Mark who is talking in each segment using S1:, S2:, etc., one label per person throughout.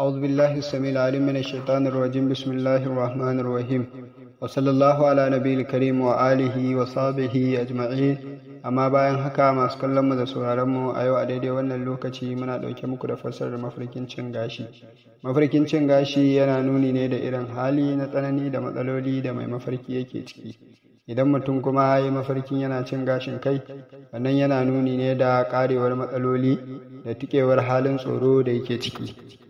S1: أعوذ بالله السميع العليم من الشيطان الرجيم بسم الله الرحمن الرحيم وصلى الله على نبي الكريم وآله وصحبه أجمعين amma bayan haka masu kallon mu da sauraron mu a yau a daidai wannan lokaci muna ɗauke muku da fassarar mafarkin cin gashi mafarkin cin gashi yana nuni ne da irin hali na tsanani da matsaloli da mai mafarki yake ciki idan mutum kuma ya yi mafarkin yana cin gashin kai wannan yana nuni ne da karewar matsaloli da tikewar halin tsoro da yake ciki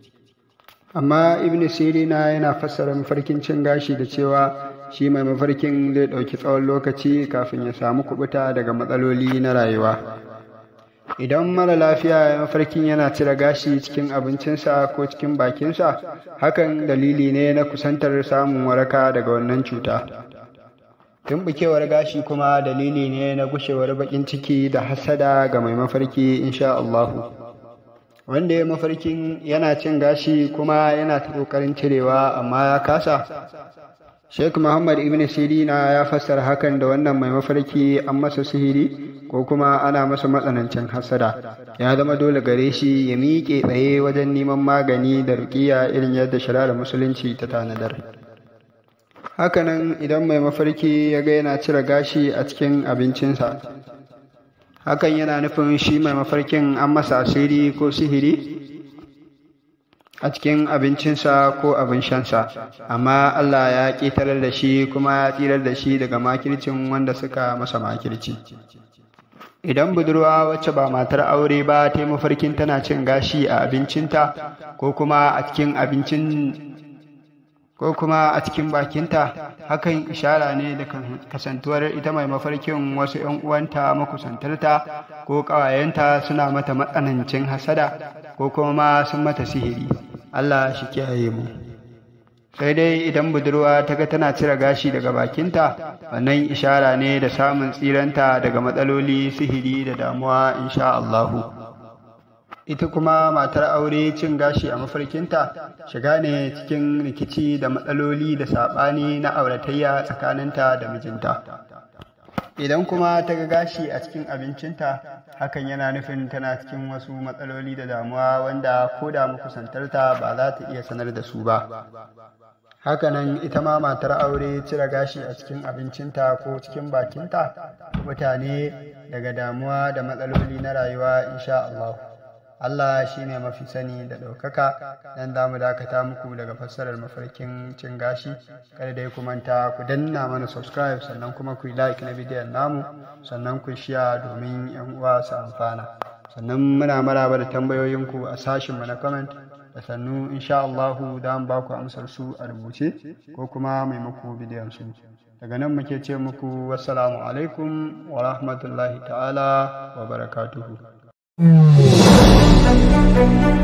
S1: amma ibn sirina yana fassara mafarkin cin gashi da cewa shi mai mafarkin zai ɗauki tsawon lokaci kafin ya samu kubuta daga matsaloli na rayuwa idan mara lafiya mafarkin yana cire gashi cikin abincinsa ko cikin bakinsa hakan dalili ne na kusantar samun waraka daga wannan cuta tumbukewar gashi kuma dalili ne na gushewar bakin ciki da hasada ga mai mafarki insha wanda ya mafarkin yana cin gashi kuma yana ta ƙoƙarin cirewa amma ya kasa Sheikh Muhammad Ibn Sirina ya fassara hakan da wannan mai mafarki an masa sihiri ko kuma ana masa matsanancin hasada ya zama dole gare shi ya miƙe tsaye wajen neman magani da ruƙiya irin yadda shari'ar musulunci ta tanadar. Hakanan idan mai mafarki ya ga yana cire gashi a cikin abincinsa hakan yana nufin shi mai mafarkin an masa asiri ko sihiri a cikin abincinsa ko abin shansa amma Allah ya ƙetarar da shi kuma ya tsirar da shi daga makircin wanda suka masa makirci idan budurwa wacce ba matar aure ba ta mafarkin tana cin gashi a abincinta ko kuma a cikin abincin ko kuma a cikin bakinta hakan ishara ne da kasantuwar ita mai mafarkin wasu 'yan uwanta makusantarta ko ƙawayenta suna mata matsanancin hasada ko kuma sun mata sihiri Allah shi kiyaye mu sai dai idan budurwa ta ga tana cire gashi daga bakinta wannan ishara ne da samun tsiranta daga matsaloli sihiri da damuwa insha Allahu ita kuma matar aure cin gashi a mafarkinta shiga ne cikin rikici da matsaloli da saɓani na auratayya tsakaninta da mijinta idan kuma ta ga gashi a cikin abincinta hakan yana nufin tana cikin wasu matsaloli da damuwa wanda ko da makusantarta ba za ta iya sanar da su ba hakanan ita ma matar aure cire gashi a cikin abincinta ko cikin bakinta mutane daga damuwa da matsaloli na rayuwa insha Allah Allah shi ne mafi sani da ɗaukaka dan za mu dakata muku daga fassarar mafarkin cin gashi kada dai ku manta ku danna mana subscribe sannan kuma ku yi like na bidiyon namu sannan ku shiya domin yan uwa su amfana sannan muna maraba da tambayoyinku a sashinmu na comment da sannu insha Allah za mu ba ku amsar su a rubuce ko kuma mai muku bidiyon su daga nan muke ce muku wassalamu alaikum wa rahmatullahi ta'ala wa barakatuhu Thank you.